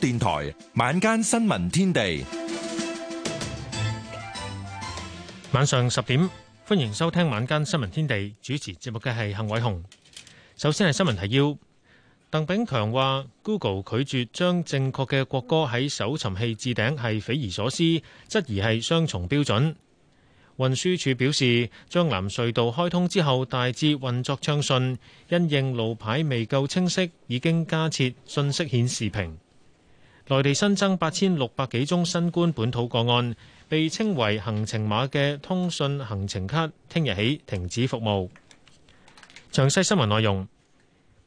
電台晚，晚間新聞天地，晚上十點歡迎收聽晚間新聞天地。主持節目嘅係幸偉雄。首先係新聞提要：鄧炳強話，Google 拒絕將正確嘅國歌喺搜尋器置頂係匪夷所思，質疑係雙重標準。運輸署表示，將南隧道開通之後，大致運作暢順，因應路牌未夠清晰，已經加設信息顯示屏。內地新增八千六百幾宗新冠本土個案，被稱為行程碼嘅通訊行程卡，聽日起停止服務。詳細新聞內容，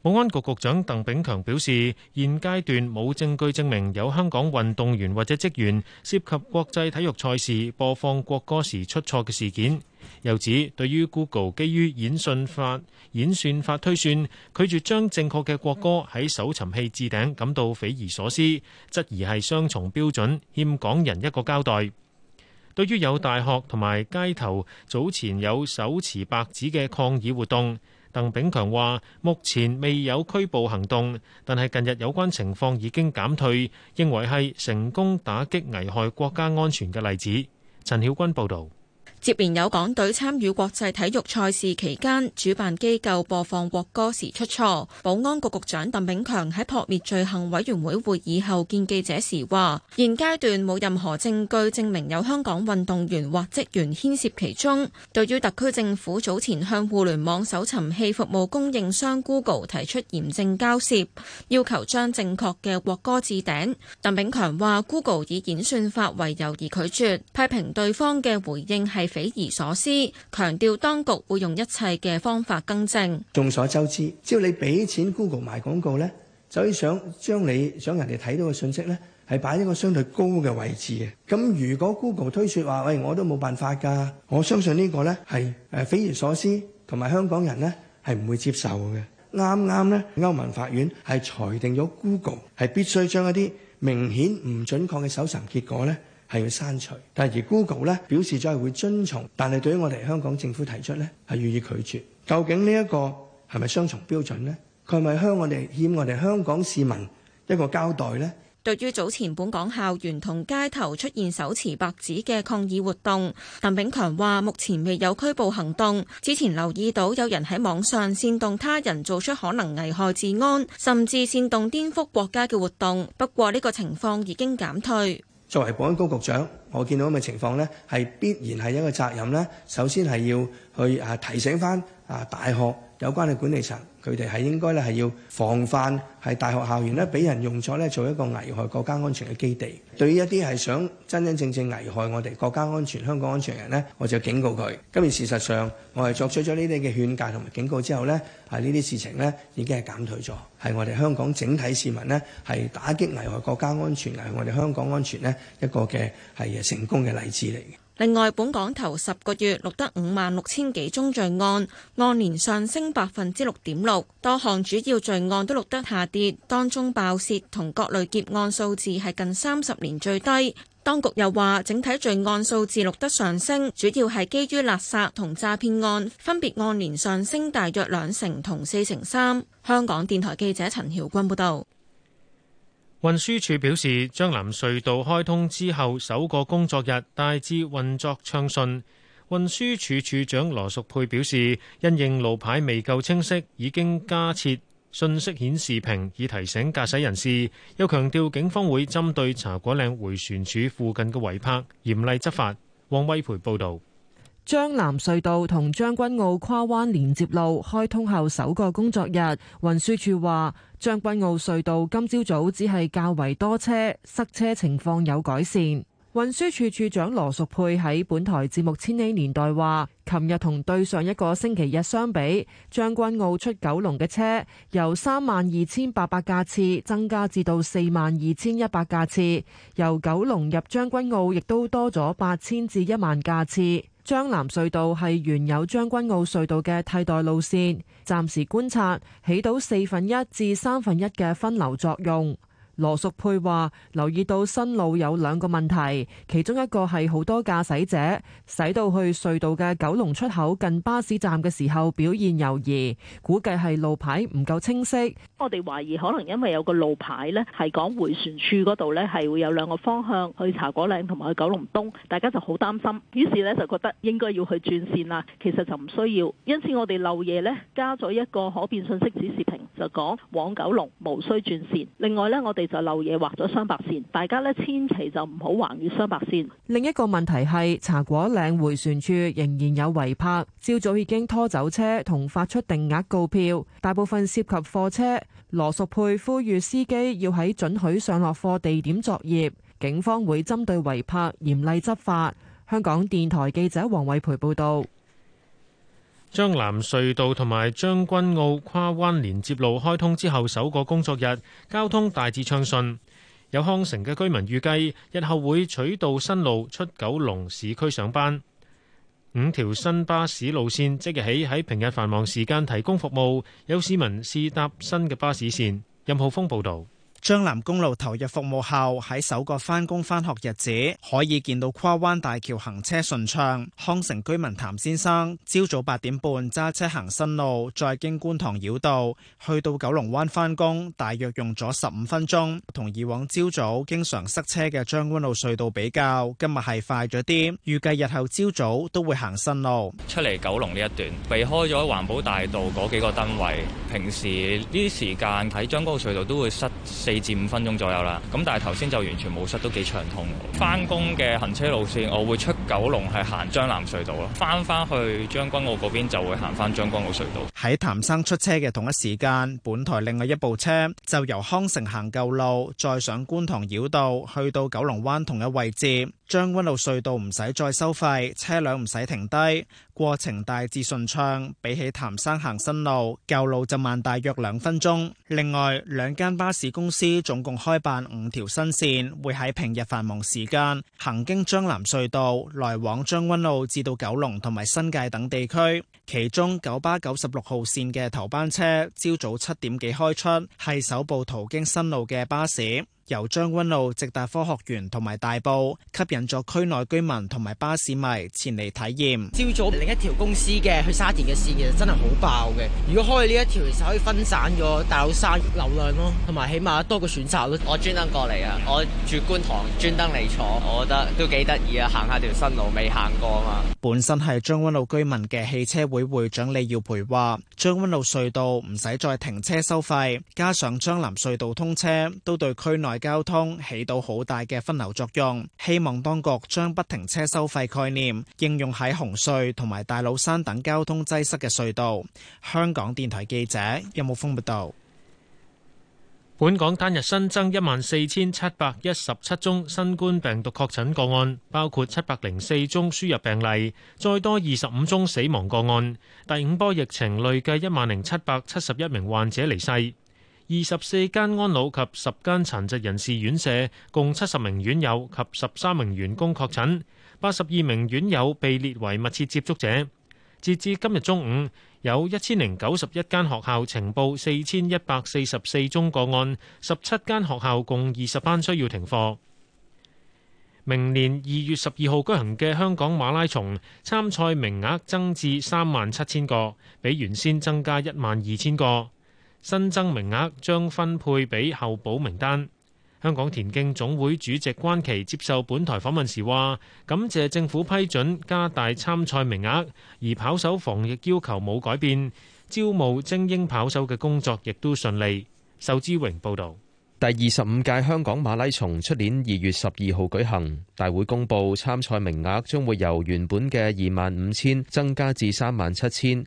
保安局局長鄧炳強表示，現階段冇證據證明有香港運動員或者職員涉及國際體育賽事播放國歌時出錯嘅事件。又指對於 Google 基於演算法演算法推算拒絕將正確嘅國歌喺搜尋器置頂，感到匪夷所思，質疑係雙重標準，欠港人一個交代。對於有大學同埋街頭早前有手持白紙嘅抗議活動，鄧炳強話：目前未有拘捕行動，但係近日有關情況已經減退，認為係成功打擊危害國家安全嘅例子。陳曉君報導。接連有港隊參與國際體育賽事期間，主辦機構播放國歌時出錯。保安局局長鄧炳強喺撲滅罪行委員會會議後見記者時話：現階段冇任何證據證明有香港運動員或職員牽涉其中。對於特區政府早前向互聯網搜尋器服務供應商 Google 提出嚴正交涉，要求將正確嘅國歌置頂，鄧炳強話 Google 以演算法為由而拒絕，批評對方嘅回應係匪夷所思，強調當局會用一切嘅方法更正。眾所周知，只要你俾錢 Google 賣廣告咧，就係想將你想人哋睇到嘅信息咧，係擺一個相對高嘅位置嘅。咁如果 Google 推說話，喂，我都冇辦法㗎，我相信呢個咧係誒匪夷所思，同埋香港人咧係唔會接受嘅。啱啱咧歐盟法院係裁定咗 Google 係必須將一啲明顯唔準確嘅搜尋結果咧，係要刪除，但而 Google 呢表示，再係會遵從，但係對於我哋香港政府提出呢係予以拒絕。究竟呢一個係咪雙重標準呢？佢係咪向我哋欠我哋香港市民一個交代呢？對於早前本港校園同街頭出現手持白紙嘅抗議活動，鄧炳強話：目前未有拘捕行動。之前留意到有人喺網上煽動他人做出可能危害治安，甚至煽動顛覆國家嘅活動，不過呢個情況已經減退。作為保安局局長，我見到咁嘅情況呢，係必然係一個責任呢，首先係要去誒提醒返啊大學。有關嘅管理層，佢哋係應該咧係要防範，係大學校園咧俾人用咗，咧做一個危害國家安全嘅基地。對於一啲係想真真正正危害我哋國家安全、香港安全嘅人咧，我就警告佢。今日事實上，我係作出咗呢啲嘅勸戒同埋警告之後咧，係呢啲事情咧已經係減退咗，係我哋香港整體市民咧係打擊危害國家安全、危害我哋香港安全咧一個嘅係成功嘅例子嚟。另外，本港頭十個月錄得五萬六千幾宗罪案，按年上升百分之六點六。多項主要罪案都錄得下跌，當中爆竊同各類劫案數字係近三十年最低。當局又話，整體罪案數字錄得上升，主要係基於勒索同詐騙案分別按年上升大約兩成同四成三。香港電台記者陳曉君報導。運輸署表示，將南隧道開通之後首個工作日大致運作暢順。運輸署署長羅淑佩表示，因應路牌未夠清晰，已經加設信息顯示屏以提醒駕駛人士。又強調警方會針對茶果嶺回旋處附近嘅違泊嚴厲執法。王威培報道。將藍隧道同將軍澳跨灣連接路開通後首個工作日，運輸署話將軍澳隧道今朝早，早只係較為多車，塞車情況有改善。運輸署署長羅淑佩喺本台節目《千禧年代》話，琴日同對上一個星期日相比，將軍澳出九龍嘅車由三萬二千八百架次增加至到四萬二千一百架次，由九龍入將軍澳亦都多咗八千至一萬架次。將藍隧道係原有將軍澳隧道嘅替代路線，暫時觀察起到四分一至三分一嘅分流作用。羅淑佩話：留意到新路有兩個問題，其中一個係好多駕駛者駛到去隧道嘅九龍出口近巴士站嘅時候表現猶豫，估計係路牌唔夠清晰。我哋懷疑可能因為有個路牌呢係講回旋處嗰度呢係會有兩個方向去茶果嶺同埋去九龍東，大家就好擔心，於是呢就覺得應該要去轉線啦。其實就唔需要，因此我哋漏夜呢，加咗一個可變信息指示屏，就講往九龍無需轉線。另外呢，我哋就漏嘢畫咗雙白線，大家咧千祈就唔好橫越雙白線。另一個問題係茶果嶺迴旋處仍然有違泊，朝早已經拖走車同發出定額告票，大部分涉及貨車。羅淑佩呼籲司機要喺准許上落貨地點作業，警方會針對違泊嚴厲執法。香港電台記者黃偉培報道。將藍隧道同埋將軍澳跨灣連接路開通之後首個工作日，交通大致暢順。有康城嘅居民預計日後會取道新路出九龍市區上班。五條新巴士路線即日起喺平日繁忙時間提供服務，有市民試搭新嘅巴士線。任浩峰報道。將藍公路投入服務後，喺首個翻工翻學日子，可以見到跨灣大橋行車順暢。康城居民譚先生朝早八點半揸車行新路，再經觀塘繞道去到九龍灣翻工，大約用咗十五分鐘。同以往朝早經常塞車嘅將軍澳隧道比較，今日係快咗啲。預計日後朝早都會行新路，出嚟九龍呢一段，避開咗環保大道嗰幾個燈位。平時呢啲時間喺將軍澳隧道都會塞。四至五分鐘左右啦，咁但係頭先就完全冇塞，都幾暢通。翻工嘅行車路線，我會出九龍係行將藍隧道咯。翻翻去將軍澳嗰邊就會行翻將軍澳隧道。喺譚生出車嘅同一時間，本台另外一部車就由康城行舊路，再上觀塘繞道去到九龍灣同一位置。將軍澳隧道唔使再收費，車輛唔使停低，過程大致順暢。比起譚生行新路，舊路就慢大約兩分鐘。另外兩間巴士公司司總共開辦五條新線，會喺平日繁忙時間行經張南隧道，來往將軍澳至到九龍同埋新界等地區。其中九巴九十六號線嘅頭班車朝早七點幾開出，係首部途經新路嘅巴士。由將軍澳直達科學園同埋大埔，吸引咗區內居民同埋巴士迷前嚟體驗。朝早另一條公司嘅去沙田嘅線其實真係好爆嘅，如果開呢一條，可以分散咗大老山流量咯，同埋起碼多個選擇咯。我專登過嚟啊，我住觀塘，專登嚟坐，我覺得都幾得意啊，行下條新路未行過嘛。本身係將軍澳居民嘅汽車會會長李耀培話：將軍澳隧道唔使再停車收費，加上將藍隧，隧道通車，都對區內。交通起到好大嘅分流作用，希望當局將不停車收費概念應用喺紅隧同埋大老山等交通擠塞嘅隧道。香港電台記者任木峰報道。本港單日新增一萬四千七百一十七宗新冠病毒確診個案，包括七百零四宗輸入病例，再多二十五宗死亡個案。第五波疫情累計一萬零七百七十一名患者離世。二十四間安老及十間殘疾人士院舍，共七十名院友及十三名員工確診，八十二名院友被列為密切接觸者。截至今日中午，有一千零九十一間學校呈報四千一百四十四宗個案，十七間學校共二十班需要停課。明年二月十二號舉行嘅香港馬拉松參賽名額增至三萬七千個，比原先增加一萬二千個。新增名額將分配俾候補名單。香港田徑總會主席關祺接受本台訪問時話：感謝政府批准加大參賽名額，而跑手防疫要求冇改變。招募精英跑手嘅工作亦都順利。仇之榮報導。第二十五屆香港馬拉松出年二月十二號舉行，大會公佈參賽名額將會由原本嘅二萬五千增加至三萬七千。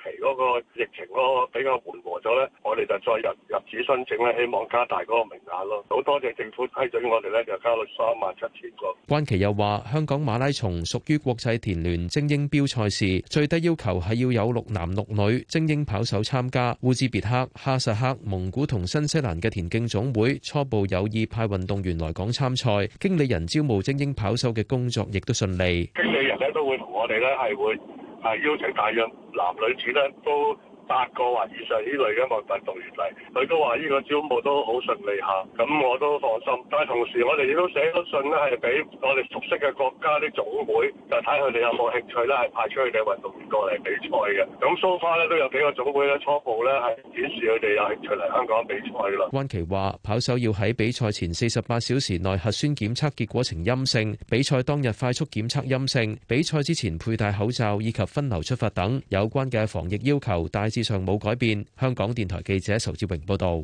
期嗰個疫情咯比較緩和咗咧，我哋就再入入紙申請咧，希望加大嗰個名額咯。好多謝政府批准我哋咧，就加到三萬七千個。關旗又話：香港馬拉松屬於國際田聯精英標賽事，最低要求係要有六男六女精英跑手參加。烏茲別克、哈薩克、蒙古同新西蘭嘅田徑總會初步有意派運動員來港參賽，經理人招募精英跑手嘅工作亦都順利。經理人咧都會同我哋咧係會。係邀請大約男女、女、子咧都，八個或以上呢類嘅運動員嚟，佢都話呢個招募都好順利下，咁我都放心。但係同時我哋亦都寫咗信咧，係俾我哋熟悉嘅國家啲總會就睇佢哋有冇興趣咧，係派出去嘅運動員過嚟比賽嘅。咁蘇花咧都有幾個總會咧初步咧係顯示佢哋有興趣嚟香港比賽啦。關琪話，跑手要喺比賽前四十八小時內核酸檢測結果呈陰性，比賽當日快速檢測陰性，比賽之前佩戴口罩以及分流出發等有關嘅防疫要求，大致。上冇改變。香港電台記者仇志榮報道，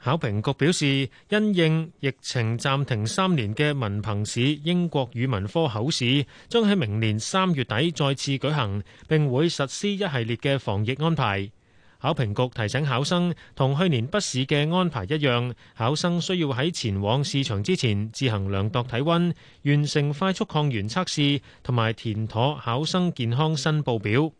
考評局表示，因應疫情暫停三年嘅文憑試英國語文科口試，將喺明年三月底再次舉行，並會實施一系列嘅防疫安排。考評局提醒考生，同去年筆試嘅安排一樣，考生需要喺前往試場之前自行量度體温，完成快速抗原測試，同埋填妥考生健康申報表。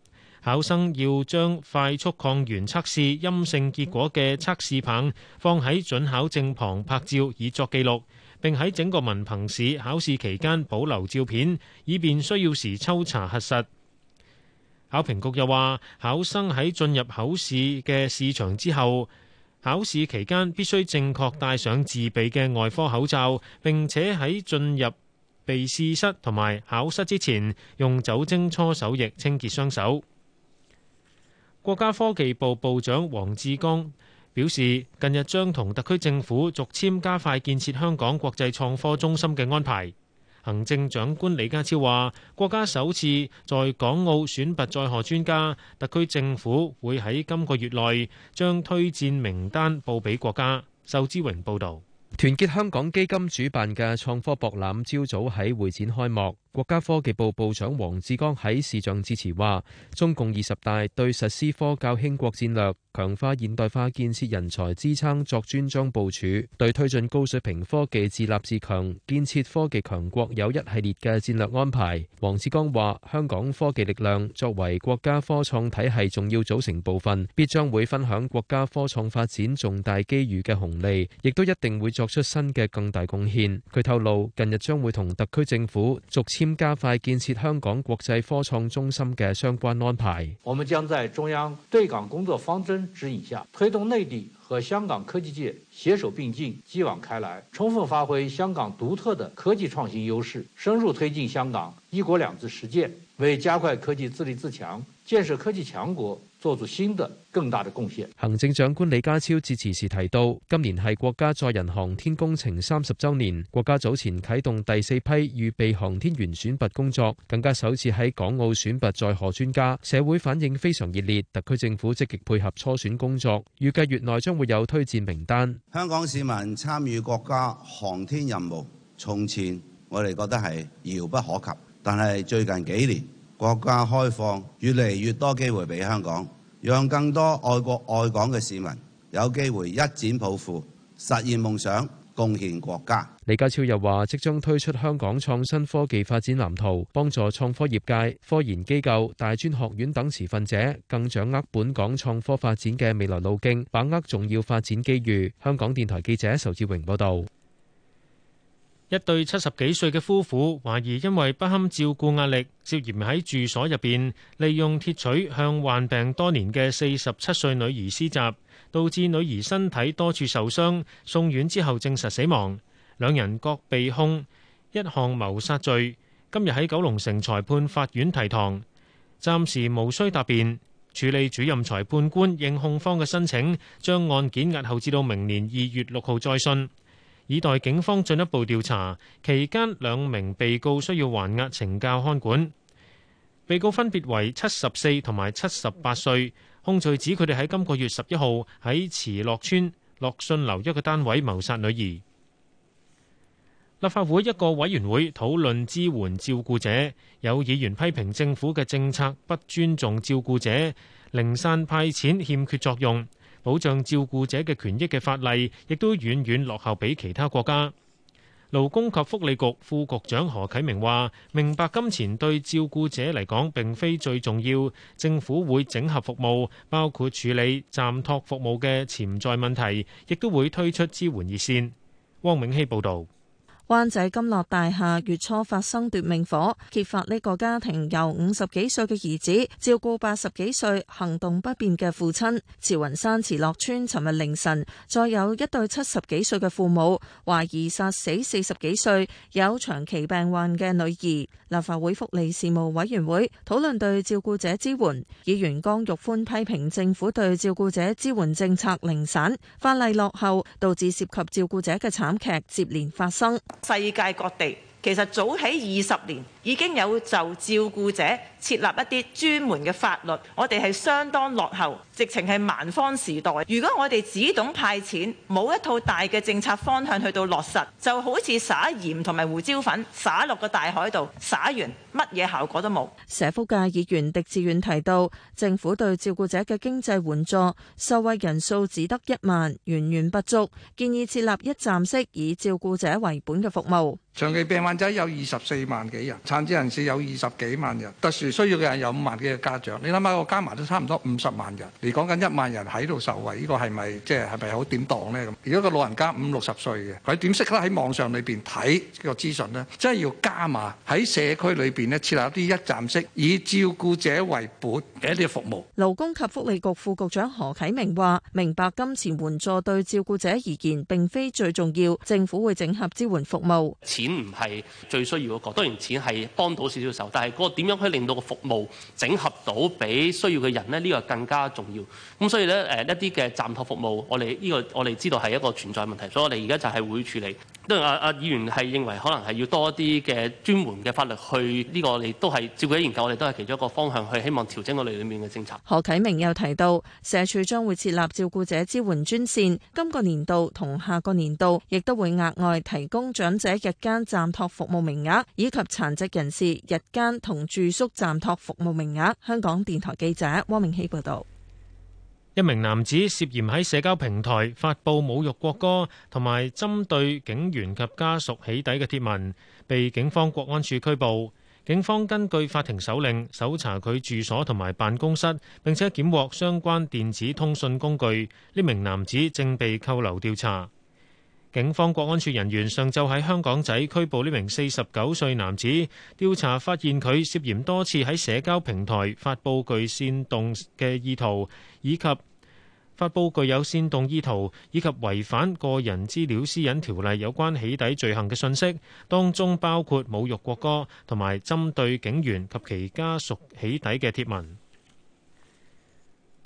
考生要將快速抗原測試陰性結果嘅測試棒放喺準考證旁拍照，以作記錄。並喺整個文憑試考試期間保留照片，以便需要時抽查核實。考評局又話，考生喺進入考試嘅試場之後，考試期間必須正確戴上自備嘅外科口罩，並且喺進入備試室同埋考室之前，用酒精搓手液清潔雙手。國家科技部部長王志剛表示，近日將同特區政府續簽加快建設香港國際創科中心嘅安排。行政長官李家超話：國家首次在港澳選拔在學專家，特區政府會喺今個月內將推薦名單報俾國家。仇志榮報導。團結香港基金主辦嘅創科博覽朝早喺會展開幕。國家科技部部長王志剛喺視像致辭話：中共二十大對實施科教興國戰略、強化現代化建設人才支撐作專章部署，對推進高水平科技自立自強、建設科技強國有一系列嘅戰略安排。王志剛話：香港科技力量作為國家科創體係重要組成部分，必將會分享國家科創發展重大機遇嘅紅利，亦都一定會。作出新嘅更大貢獻。佢透露，近日將會同特區政府續簽加快建設香港國際科創中心嘅相關安排。我們將在中央對港工作方針指引下，推動內地和香港科技界攜手並進，繼往開來，充分發揮香港獨特的科技創新優勢，深入推進香港一國兩制實踐，為加快科技自立自強。建設科技強國，做出新的更大的貢獻。行政長官李家超致辭時提到，今年係國家載人航天工程三十周年，國家早前啟動第四批預備航天員選拔工作，更加首次喺港澳選拔載荷專家，社會反應非常熱烈。特區政府積極配合初選工作，預計月內將會有推薦名單。香港市民參與國家航天任務，從前我哋覺得係遙不可及，但係最近幾年。國家開放越嚟越多機會俾香港，讓更多愛國愛港嘅市民有機會一展抱負，實現夢想，貢獻國家。李家超又話，即將推出香港創新科技發展藍圖，幫助創科業界、科研機構、大專學院等持份者更掌握本港創科發展嘅未來路徑，把握重要發展機遇。香港電台記者仇志榮報道。一對七十幾歲嘅夫婦，懷疑因為不堪照顧壓力，涉嫌喺住所入邊利用鐵錘向患病多年嘅四十七歲女兒施襲，導致女兒身體多處受傷，送院之後證實死亡。兩人各被控一項謀殺罪，今日喺九龍城裁判法院提堂，暫時無需答辯。處理主任裁判官應控方嘅申請，將案件押後至到明年二月六號再訊。以待警方進一步調查。期間兩名被告需要還押，懲教看管。被告分別為七十四同埋七十八歲。控罪指佢哋喺今個月十一號喺慈樂邨樂信樓一個單位謀殺女兒。立法會一個委員會討論支援照顧者，有議員批評政府嘅政策不尊重照顧者，零散派錢欠缺作用。保障照顧者嘅權益嘅法例，亦都遠遠落後畀其他國家。勞工及福利局副局長何啟明話：明白金錢對照顧者嚟講並非最重要，政府會整合服務，包括處理暫託服務嘅潛在問題，亦都會推出支援熱線。汪永熙報導。灣仔金樂大廈月初發生奪命火，揭發呢個家庭由五十幾歲嘅兒子照顧八十幾歲行動不便嘅父親。慈雲山慈樂村尋日凌晨，再有一對七十幾歲嘅父母懷疑殺死四十幾歲有長期病患嘅女兒。立法會福利事務委員會討論對照顧者支援，議員江玉歡批評政府對照顧者支援政策零散，法例落後，導致涉及照顧者嘅慘劇接連發生。世界各地，其實早喺二十年，已經有就照顧者設立一啲專門嘅法律，我哋係相當落後，直情係蠻荒時代。如果我哋只懂派錢，冇一套大嘅政策方向去到落實，就好似撒鹽同埋胡椒粉撒落個大海度，撒完乜嘢效果都冇。社福界議員狄志遠提到，政府對照顧者嘅經濟援助受惠人數只得一萬，遠遠不足，建議設立一站式以照顧者為本嘅服務。長期病患者有二十四萬幾人。殘疾人士有二十幾萬人，特殊需要嘅人有五萬幾嘅家長，你諗下，我加埋都差唔多五十萬人。你講緊一萬人喺度受惠，呢個係咪即係係咪好典當呢？咁如果個老人家五六十歲嘅，佢點識得喺網上裏邊睇個資訊呢？真係要加碼喺社區裏邊呢，設立一啲一站式，以照顧者為本嘅一啲服務。勞工及福利局副局長何啟明話，明白金錢援助對照顧者而言並非最重要，政府會整合支援服務。錢唔係最需要嗰個，當然錢係。幫到少少手，但係嗰個點樣可以令到個服務整合到比需要嘅人呢？呢個更加重要。咁所以咧，誒一啲嘅暫托服務，我哋呢個我哋知道係一個存在問題，所以我哋而家就係會處理。當然，阿阿議員係認為可能係要多啲嘅專門嘅法律去呢個我都，我哋都係照顧者研究，我哋都係其中一個方向去希望調整我哋裏面嘅政策。何啟明又提到，社署將會設立照顧者支援專線，今個年度同下個年度亦都會額外提供長者日間暫托服務名額，以及殘疾。人士日間同住宿暫託服務名額。香港電台記者汪明希報道，一名男子涉嫌喺社交平台發布侮辱國歌同埋針對警員及家屬起底嘅貼文，被警方國安處拘捕。警方根據法庭手令搜查佢住所同埋辦公室，並且檢獲相關電子通訊工具。呢名男子正被扣留調查。警方國安處人員上晝喺香港仔拘捕呢名四十九歲男子，調查發現佢涉嫌多次喺社交平台發布具煽動嘅意圖，以及發布具有煽動意圖以及違反個人資料私隱條例有關起底罪行嘅信息，當中包括侮辱國歌同埋針對警員及其家屬起底嘅貼文。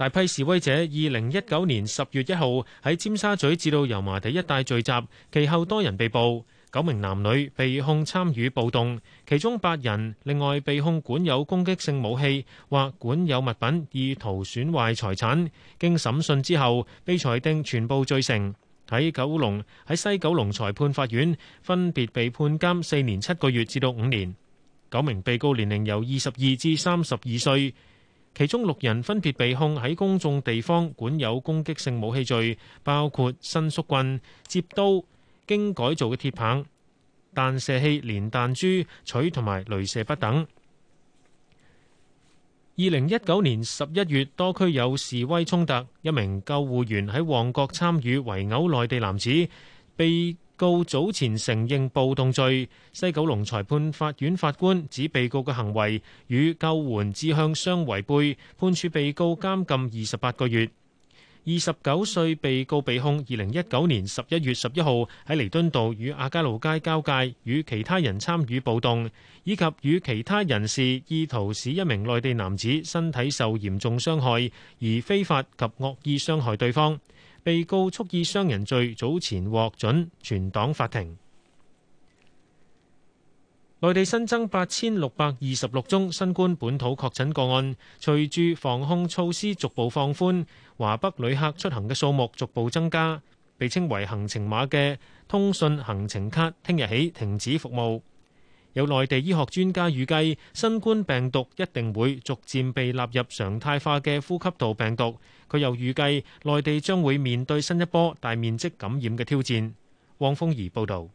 大批示威者二零一九年十月一號喺尖沙咀至到油麻地一帶聚集，其後多人被捕，九名男女被控參與暴動，其中八人另外被控管有攻擊性武器或管有物品，意圖損壞財產，經審訊之後被裁定全部罪成。喺九龍喺西九龍裁判法院分別被判監四年七個月至到五年。九名被告年齡由二十二至三十二歲。其中六人分別被控喺公眾地方管有攻擊性武器罪，包括伸縮棍、接刀、經改造嘅鐵棒、彈射器、連彈珠、錘同埋雷射筆等。二零一九年十一月，多區有示威衝突，一名救護員喺旺角參與圍毆內地男子，被告早前承認暴動罪，西九龍裁判法院法官指被告嘅行為與救援志向相違背，判處被告監禁二十八個月。二十九歲被告被控二零一九年十一月十一號喺彌敦道與亞皆老街交界與其他人參與暴動，以及與其他人士意圖使一名內地男子身體受嚴重傷害而非法及惡意傷害對方。被告蓄意傷人罪早前獲准全黨法庭。內地新增八千六百二十六宗新冠本土確診個案，隨住防控措施逐步放寬，華北旅客出行嘅數目逐步增加。被稱為行程碼嘅通訊行程卡，聽日起停止服務。有內地醫學專家預計，新冠病毒一定會逐漸被納入常態化嘅呼吸道病毒。佢又預計內地將會面對新一波大面積感染嘅挑戰。汪峰儀報導，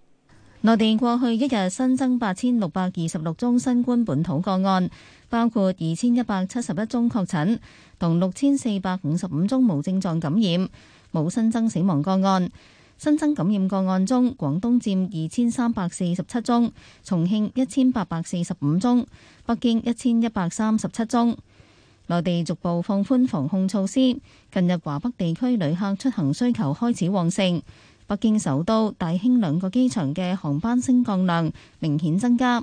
內地過去一日新增八千六百二十六宗新冠本土個案，包括二千一百七十一宗確診同六千四百五十五宗無症狀感染，冇新增死亡個案。新增感染個案中，廣東佔二千三百四十七宗，重慶一千八百四十五宗，北京一千一百三十七宗。內地逐步放寬防控措施，近日華北地區旅客出行需求開始旺盛，北京首都、大興兩個機場嘅航班升降量明顯增加。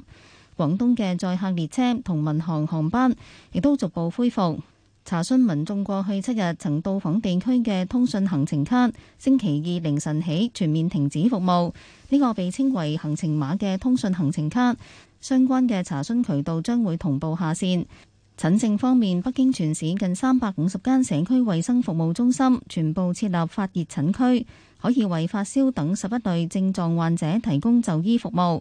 廣東嘅載客列車同民航航班亦都逐步恢復。查詢民眾過去七日曾到訪地區嘅通訊行程卡，星期二凌晨起全面停止服務。呢個被稱為行程碼嘅通訊行程卡，相關嘅查詢渠道將會同步下線。診症方面，北京全市近三百五十間社區衛生服務中心全部設立發熱診區，可以為發燒等十一類症狀患者提供就醫服務。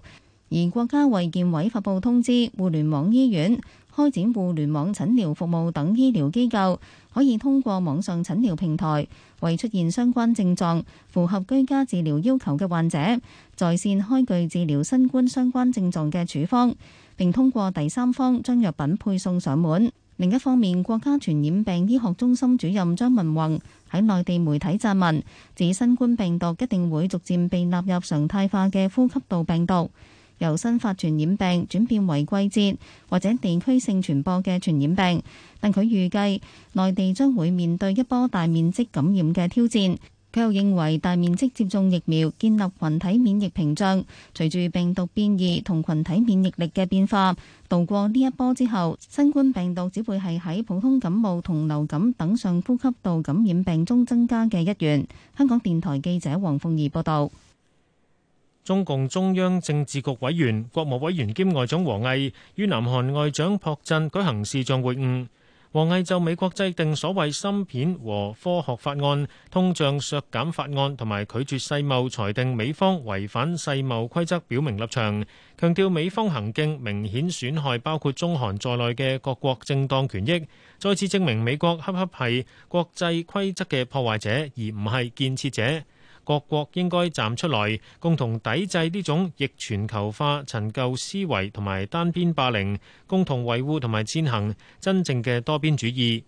而國家衛健委發布通知，互聯網醫院、開展互聯網診療服務等醫療機構，可以通過網上診療平台，為出現相關症狀、符合居家治療要求嘅患者，在線開具治療新冠相關症狀嘅處方。並通過第三方將藥品配送上門。另一方面，國家傳染病醫學中心主任張文宏喺內地媒體撰文，指新冠病毒一定會逐漸被納入常態化嘅呼吸道病毒，由新發傳染病轉變為季節或者地區性傳播嘅傳染病。但佢預計內地將會面對一波大面積感染嘅挑戰。佢又認為大面積接種疫苗，建立群體免疫屏障，隨住病毒變異同群體免疫力嘅變化，渡過呢一波之後，新冠病毒只會係喺普通感冒同流感等上呼吸道感染病中增加嘅一員。香港電台記者黃鳳儀報導。中共中央政治局委員、國務委員兼外長王毅與南韓外長朴振舉行視像會晤。王毅就美國制定所謂芯片和科學法案，通脹削減法案，同埋拒絕世貿裁定美方違反世貿規則表明立場，強調美方行徑明顯損害包括中韓在內嘅各國正當權益，再次證明美國恰恰係國際規則嘅破壞者，而唔係建設者。各國應該站出來，共同抵制呢種逆全球化、陳舊思維同埋單邊霸凌，共同維護同埋踐行真正嘅多邊主義。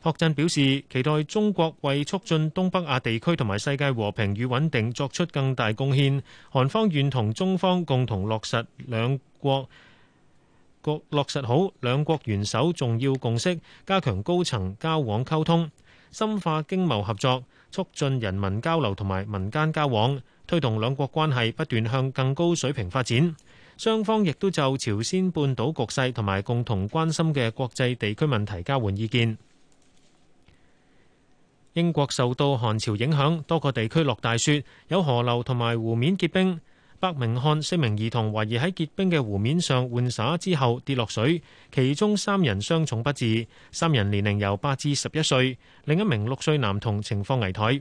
朴振表示，期待中國為促進東北亞地區同埋世界和平與穩定作出更大貢獻。韓方願同中方共同落實兩國國落實好兩國元首重要共識，加強高層交往溝通，深化經貿合作。促進人民交流同埋民間交往，推動兩國關係不斷向更高水平發展。雙方亦都就朝鮮半島局勢同埋共同關心嘅國際地區問題交換意見。英國受到寒潮影響，多個地區落大雪，有河流同埋湖面結冰。百名漢四名兒童懷疑喺結冰嘅湖面上玩耍之後跌落水，其中三人傷重不治，三人年齡由八至十一歲，另一名六歲男童情況危殆。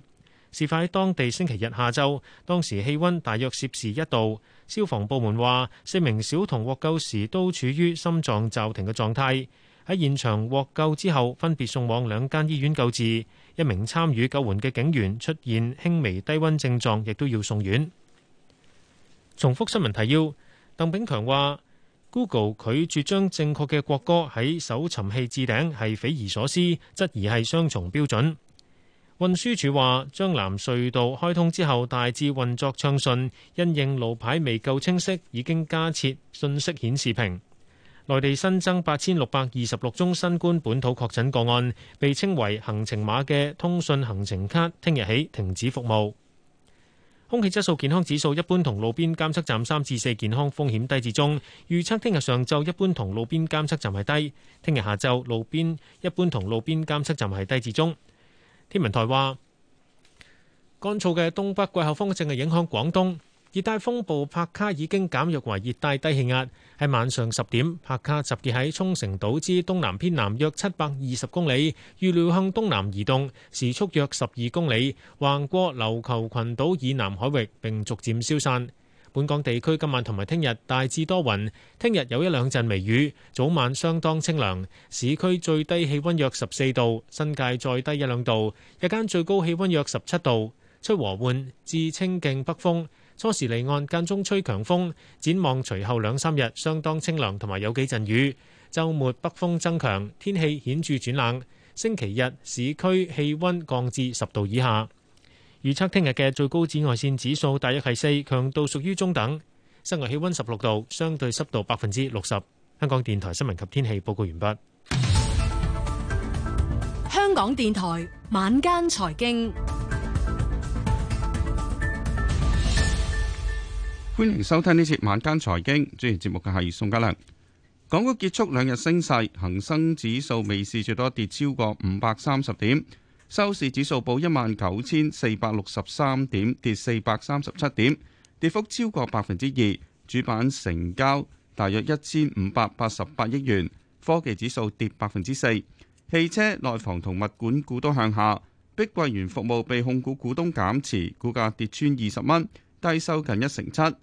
事發喺當地星期日下晝，當時氣温大約攝氏一度。消防部門話，四名小童獲救時都處於心臟驟停嘅狀態。喺現場獲救之後，分別送往兩間醫院救治。一名參與救援嘅警員出現輕微低温症狀，亦都要送院。重複新聞提要。鄧炳強話：Google 拒絕將正確嘅國歌喺搜尋器置頂係匪夷所思，質疑係雙重標準。運輸署話：將藍隧道開通之後，大致運作暢順，因應路牌未夠清晰，已經加設信息顯示屏。內地新增八千六百二十六宗新冠本土確診個案，被稱為行程碼嘅通訊行程卡，聽日起停止服務。空氣質素健康指數一般同路邊監測站三至四，健康風險低至中，預測聽日上晝一般同路邊監測站係低，聽日下晝路邊一般同路邊監測站係低至中。天文台話，乾燥嘅東北季候風正係影響廣東。熱帶風暴帕卡已經減弱為熱帶低氣壓，喺晚上十點，帕卡集結喺沖繩島之東南偏南約七百二十公里，預料向東南移動，時速約十二公里，橫過琉球群島以南海域並逐漸消散。本港地區今晚同埋聽日大致多雲，聽日有一兩陣微雨，早晚相當清涼，市區最低氣温約十四度，新界再低一兩度，日間最高氣温約十七度，吹和緩至清勁北風。初時離岸，間中吹強風。展望隨後兩三日，相當清涼同埋有幾陣雨。周末北風增強，天氣顯著轉冷。星期日市區氣温降至十度以下。預測聽日嘅最高紫外綫指數大約係四，強度屬於中等。室外氣温十六度，相對濕度百分之六十。香港電台新聞及天氣報告完畢。香港電台晚間財經。歡迎收聽呢次晚間財經，主持節目嘅係宋家良。港股結束兩日升勢，恒生指數尾市最多跌超過五百三十點，收市指數報一萬九千四百六十三點，跌四百三十七點，跌幅超過百分之二。主板成交大約一千五百八十八億元，科技指數跌百分之四，汽車、內房同物管股都向下。碧桂園服務被控股股東減持，股價跌穿二十蚊，低收近一成七。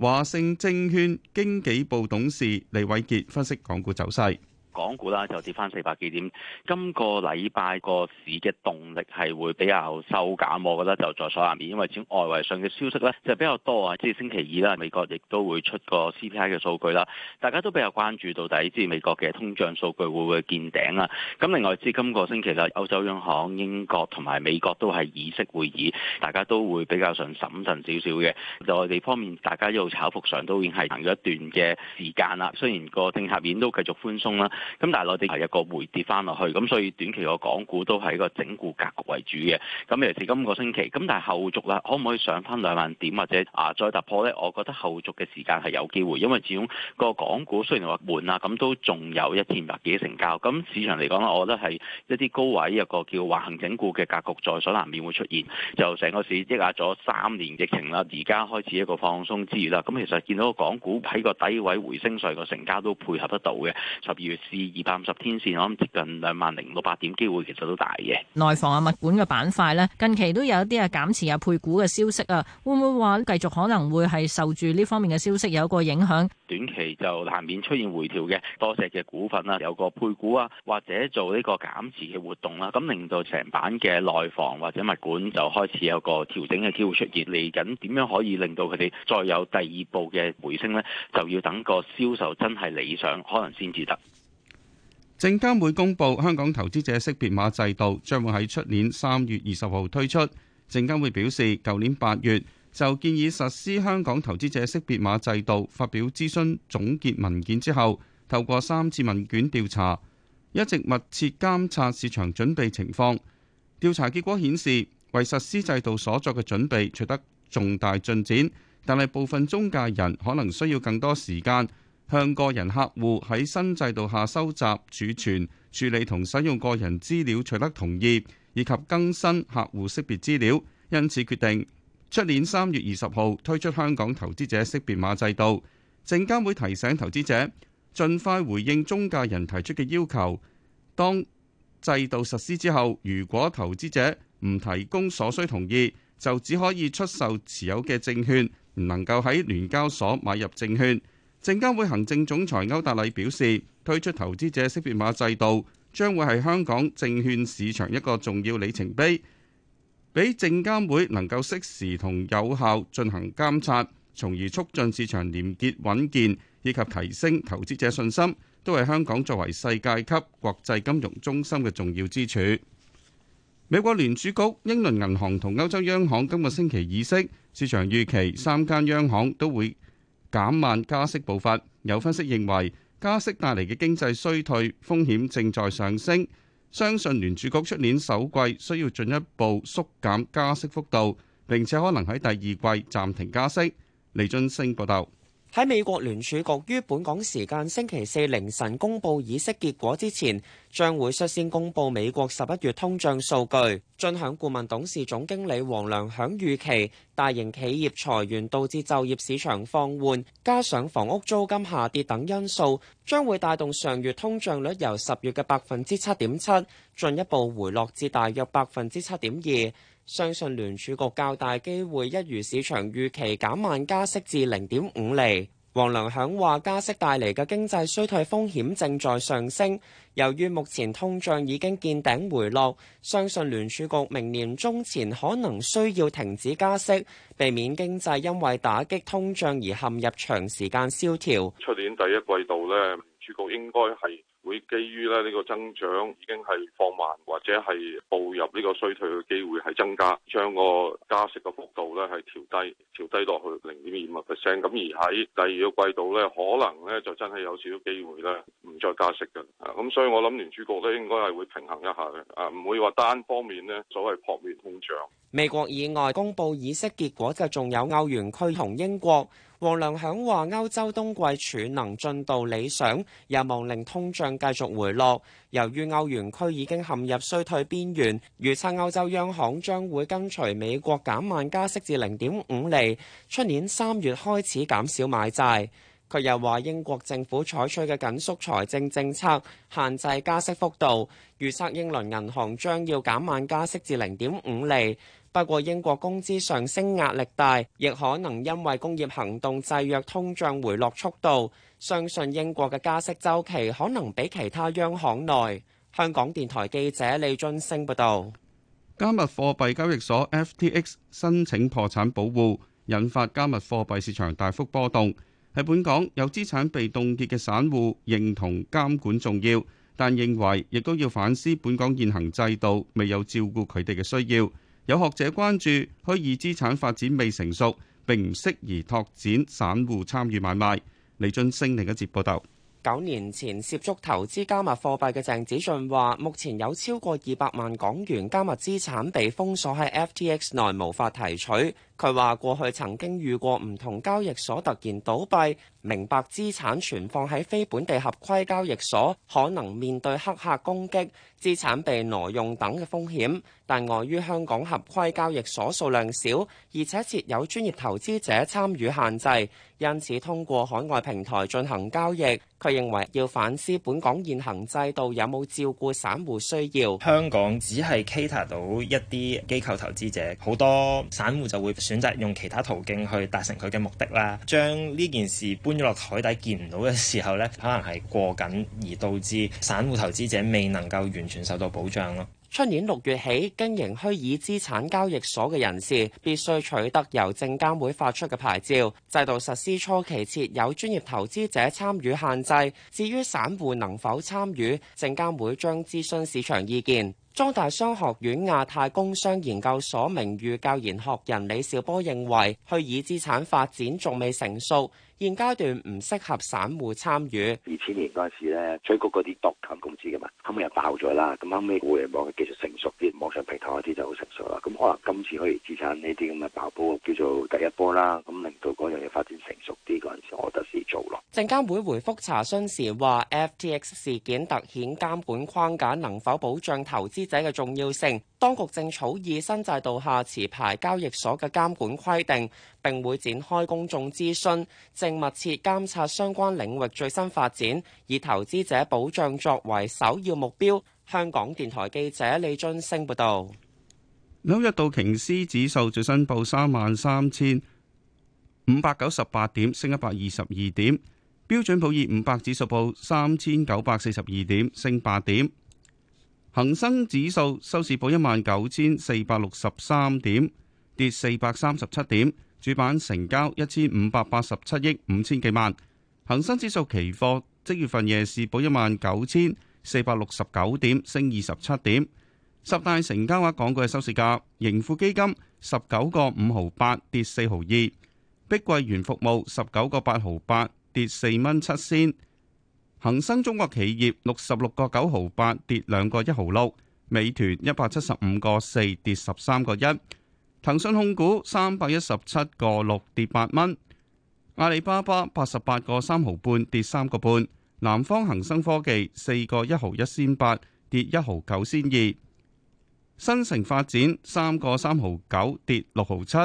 華盛證券經紀部董事李偉杰分析港股走勢。港股啦就跌返四百幾點，今個禮拜個市嘅動力係會比較收減，我覺得就在所難免，因為先外圍上嘅消息咧就比較多啊，即係星期二啦，美國亦都會出個 CPI 嘅數據啦，大家都比較關注到底即係美國嘅通脹數據會唔會見頂啊？咁另外知今個星期其實歐洲央行、英國同埋美國都係議息會議，大家都會比較上審慎少少嘅。內地方面，大家一路炒復上都已經係行咗一段嘅時間啦。雖然個政策面都繼續寬鬆啦。咁但係我哋係一個回跌翻落去，咁所以短期個港股都係一個整固格局為主嘅。咁尤其是今個星期，咁但係後續咧，可唔可以上翻兩萬點或者啊再突破咧？我覺得後續嘅時間係有機會，因為始終個港股雖然話悶啦，咁都仲有一千百幾成交。咁市場嚟講啦，我覺得係一啲高位一個叫橫整固嘅格局在所難免會出現。就成個市抑壓咗三年疫情啦，而家開始一個放鬆之餘啦，咁其實見到港股喺個底位回升上個成交都配合得到嘅十二月。至二百五十天線，我諗接近兩萬零六百點機會其實都大嘅。內房啊、物管嘅板塊咧，近期都有一啲啊減持啊配股嘅消息啊，會唔會話繼續可能會係受住呢方面嘅消息有個影響，短期就難免出現回調嘅多隻嘅股份啦、啊，有個配股啊，或者做呢個減持嘅活動啦、啊，咁令到成板嘅內房或者物管就開始有個調整嘅機會出現，嚟緊點樣可以令到佢哋再有第二步嘅回升咧？就要等個銷售真係理想，可能先至得。證監會公布香港投資者識別碼制度將會喺出年三月二十號推出。證監會表示，舊年八月就建議實施香港投資者識別碼制度，發表諮詢總結文件之後，透過三次問卷調查，一直密切監察市場準備情況。調查結果顯示，為實施制度所作嘅準備取得重大進展，但係部分中介人可能需要更多時間。向個人客戶喺新制度下收集、儲存、處理同使用個人資料，取得同意以及更新客戶識別資料，因此決定出年三月二十號推出香港投資者識別碼制度。證監會提醒投資者盡快回應中介人提出嘅要求。當制度實施之後，如果投資者唔提供所需同意，就只可以出售持有嘅證券，唔能夠喺聯交所買入證券。證監會行政總裁歐達禮表示，推出投資者識別碼制度，將會係香港證券市場一個重要里程碑，俾證監會能夠適時同有效進行監察，從而促進市場廉潔穩健以及提升投資者信心，都係香港作為世界級國際金融中心嘅重要支柱。美國聯儲局、英倫銀行同歐洲央行今個星期議息，市場預期三間央行都會減慢加息步伐，有分析認為加息帶嚟嘅經濟衰退風險正在上升，相信聯儲局出年首季需要進一步縮減加息幅度，並且可能喺第二季暫停加息。李俊升報道。喺美國聯儲局於本港時間星期四凌晨公佈議息結果之前，將會率先公佈美國十一月通脹數據。進響顧問董事總經理黃良響預期，大型企業裁員導致就業市場放緩，加上房屋租金下跌等因素，將會帶動上月通脹率由十月嘅百分之七點七進一步回落至大約百分之七點二。相信聯儲局較大機會一如市場預期減慢加息至零點五厘。黃良享話：加息帶嚟嘅經濟衰退風險正在上升。由於目前通脹已經見頂回落，相信聯儲局明年中前可能需要停止加息，避免經濟因為打擊通脹而陷入長時間蕭條。出年第一季度呢，聯儲局應該係會基於咧呢個增長已經係放慢或者係步入呢個衰退嘅機會係增加，將個加息嘅幅度呢係調低，調低落去零點二五 percent。咁而喺第二個季度呢，可能呢就真係有少少機會呢唔再加息㗎啦。咁所以我諗聯儲局咧應該係會平衡一下嘅，啊唔會話單方面咧所謂撲滅通脹。美國以外公佈議息結果就仲有歐元區同英國。王良響話歐洲冬季儲能進度理想，有望令通脹繼續回落。由於歐元區已經陷入衰退邊緣，預測歐洲央行將會跟隨美國減慢加息至零點五厘，出年三月開始減少買債。佢又話：英國政府採取嘅緊縮財政政策，限制加息幅度，預測英倫銀行將要減慢加息至零點五釐。不過，英國工資上升壓力大，亦可能因為工業行動制約通脹回落速度。相信英國嘅加息週期可能比其他央行耐。香港電台記者李津星報導，加密貨幣交易所 FTX 申請破產保護，引發加密貨幣市場大幅波動。喺本港有資產被凍結嘅散戶認同監管重要，但認為亦都要反思本港現行制度未有照顧佢哋嘅需要。有學者關注虛擬資產發展未成熟，並唔適宜拓展散戶參與買賣。李津升另一節報道。九年前涉足投資加密貨幣嘅鄭子俊話，目前有超過二百萬港元加密資產被封鎖喺 FTX 內，無法提取。佢話：過去曾經遇過唔同交易所突然倒閉，明白資產存放喺非本地合規交易所，可能面對黑客攻擊、資產被挪用等嘅風險。但礙於香港合規交易所數量少，而且設有專業投資者參與限制，因此通過海外平台進行交易。佢認為要反思本港現行制度有冇照顧散戶需要。香港只係 cater 到一啲機構投資者，好多散戶就會選擇用其他途徑去達成佢嘅目的啦，將呢件事搬咗落海底見唔到嘅時候呢，可能係過緊而導致散戶投資者未能夠完全受到保障咯。出年六月起，經營虛擬資產交易所嘅人士必須取得由證監會發出嘅牌照。制度實施初期設有專業投資者參與限制，至於散戶能否參與，證監會將諮詢市場意見。中大商學院亞太工商研究所名譽教研學人李少波認為虛擬資產發展仲未成熟。現階段唔適合散戶參與。二千年嗰陣時咧，追過嗰啲多金公司嘅嘛，後尾又爆咗啦。咁後尾互聯網嘅技術成熟啲，網上平台嗰啲就好成熟啦。咁可能今次可以支撐呢啲咁嘅爆波叫做第一波啦。咁令到嗰樣嘢發展成熟啲嗰陣時，我覺得時做咯。證監會回覆查詢時話，FTX 事件突顯監管框架能否保障投資者嘅重要性。當局正草擬新制度下持牌交易所嘅監管規定。並會展開公眾諮詢，正密切監察相關領域最新發展，以投資者保障作為首要目標。香港電台記者李俊升報導。紐約道瓊斯指數最新報三萬三千五百九十八點，升一百二十二點。標準普爾五百指數報三千九百四十二點，升八點。恒生指數收市報一萬九千四百六十三點，跌四百三十七點。主板成交一千五百八十七億五千幾萬，恒生指數期貨即月份夜市報一萬九千四百六十九點，升二十七點。十大成交額港股嘅收市價，盈富基金十九個五毫八跌四毫二，碧桂園服務十九個八毫八跌四蚊七仙，恒生中國企業六十六個九毫八跌兩個一毫六，美團一百七十五個四跌十三個一。騰訊控股三百一十七個六跌八蚊，阿里巴巴八十八個三毫半跌三個半，南方恒生科技四個一毫一先八跌一毫九先二，新城發展三個三毫九跌六毫七，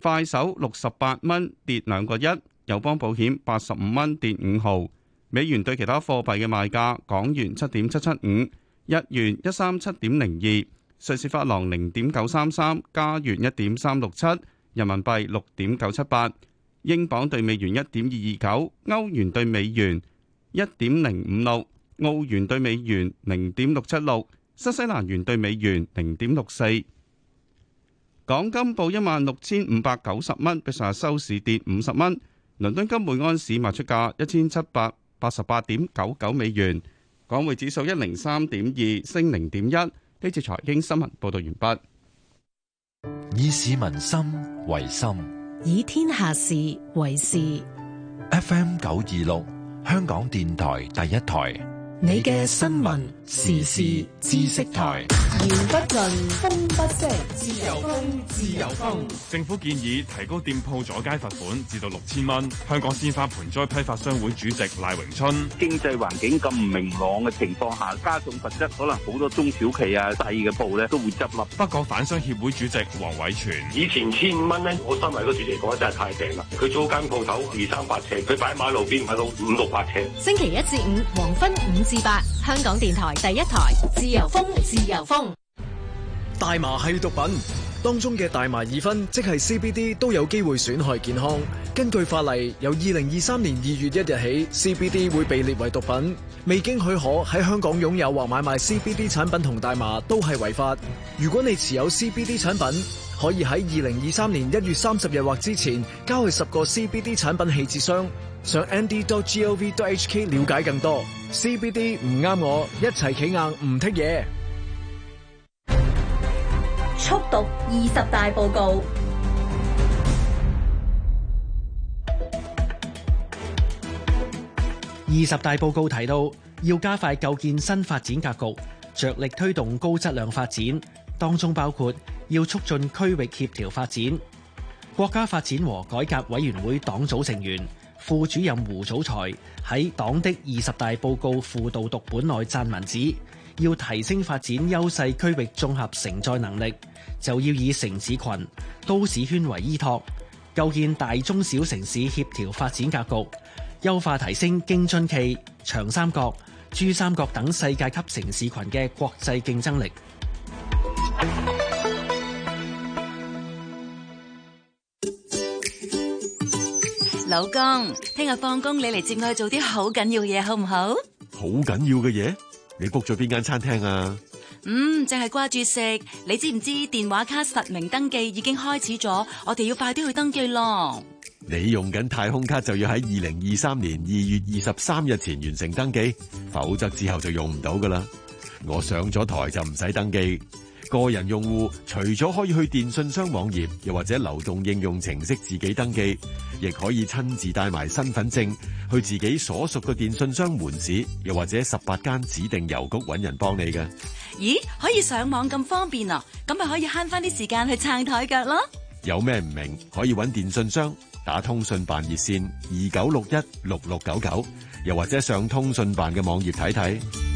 快手六十八蚊跌兩個一，友邦保險八十五蚊跌五毫，美元兌其他貨幣嘅賣價，港元七點七七五，日元一三七點零二。瑞士法郎零點九三三，加元一點三六七，人民幣六點九七八，英鎊兌美元一點二二九，歐元兌美元一點零五六，澳元兌美元零點六七六，新西蘭元兌美元零點六四。港金報一萬六千五百九十蚊，比上日收市跌五十蚊。倫敦金每盎司賣出價一千七百八十八點九九美元。港匯指數一零三點二，升零點一。呢次財經新聞報道完畢，以市民心為心，以天下事為事。FM 九二六，香港電台第一台，你嘅新聞時事知識台。言不盡，風不息，自由風，自由風。政府建議提高店鋪阻街罰款至到六千蚊。香港鮮花盆栽批發商會主席賴榮春：經濟環境咁唔明朗嘅情況下，加重罰則，可能好多中小企啊、細嘅鋪咧都會執笠。不過反商協會主席黃偉全：以前千五蚊呢，我身為個主席講得真係太平啦。佢租間鋪頭二三百尺，佢擺喺馬路邊，擺到五六百尺。星期一至五黃昏五至八，香港電台第一台，自由風，自由風。大麻係毒品，當中嘅大麻二酚，即係 CBD 都有機會損害健康。根據法例，由二零二三年二月一日起，CBD 會被列為毒品。未經許可喺香港擁有或買賣 CBD 產品同大麻都係違法。如果你持有 CBD 產品，可以喺二零二三年一月三十日或之前交去十個 CBD 產品棄置箱。上 nd.gov.hk 了解更多。CBD 唔啱我，一齊企硬唔剔嘢。二十大報告。二十大報告提到，要加快構建新發展格局，着力推動高質量發展，當中包括要促進區域協調發展。國家發展和改革委員會黨組成員、副主任胡祖才喺黨的二十大報告輔導讀本內撰文指。要提升發展優勢區域綜合承載能力，就要以城市群、都市圈為依托，構建大中小城市協調發展格局，優化提升京津冀、長三角、珠三角等世界級城市群嘅國際競爭力。老公，聽日放工你嚟接我去做啲好緊要嘅嘢，好唔好？好緊要嘅嘢？你 book 咗邊間餐廳啊？嗯，淨係掛住食。你知唔知電話卡實名登記已經開始咗？我哋要快啲去登記咯。你用緊太空卡就要喺二零二三年二月二十三日前完成登記，否則之後就用唔到噶啦。我上咗台就唔使登記。個人用戶除咗可以去電信商網頁，又或者流動應用程式自己登記，亦可以親自帶埋身份證去自己所屬嘅電信商門市，又或者十八間指定郵局揾人幫你嘅。咦，可以上網咁方便啊！咁咪可以慳翻啲時間去撐台腳咯。有咩唔明，可以揾電信商打通訊辦熱線二九六一六六九九，又或者上通訊辦嘅網頁睇睇。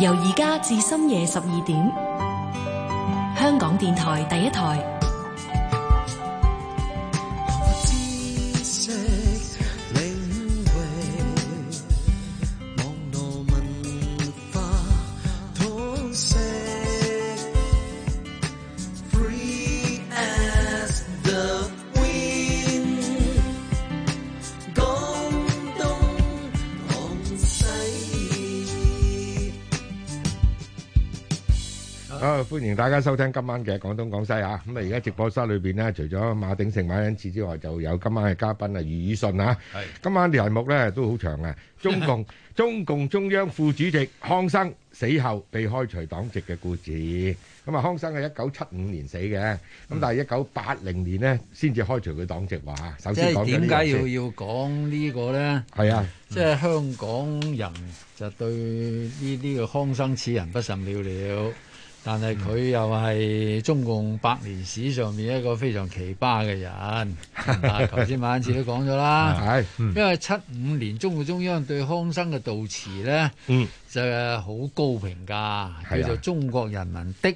由而家至深夜十二點，香港電台第一台。啊！歡迎大家收聽今晚嘅廣東廣西啊！咁啊，而家直播室裏邊咧，除咗馬鼎盛、馬恩次之外，就有今晚嘅嘉賓啊，余汝信啊。係今晚嘅題目咧都好長啊。中共中共中央副主席康生死後被開除黨籍嘅故事。咁啊，康生係一九七五年死嘅，咁但係一九八零年咧先至開除佢黨籍喎嚇。首先講緊呢。即係點解要要講呢個咧？係啊，即係香港人就對呢啲嘅康生此人不甚了了。但係佢又係中共百年史上面一個非常奇葩嘅人，啊頭先晚一次都講咗啦。係 因為七五年中共中央對康生嘅悼詞咧，嗯， 就係好高評價 叫做中國人民的。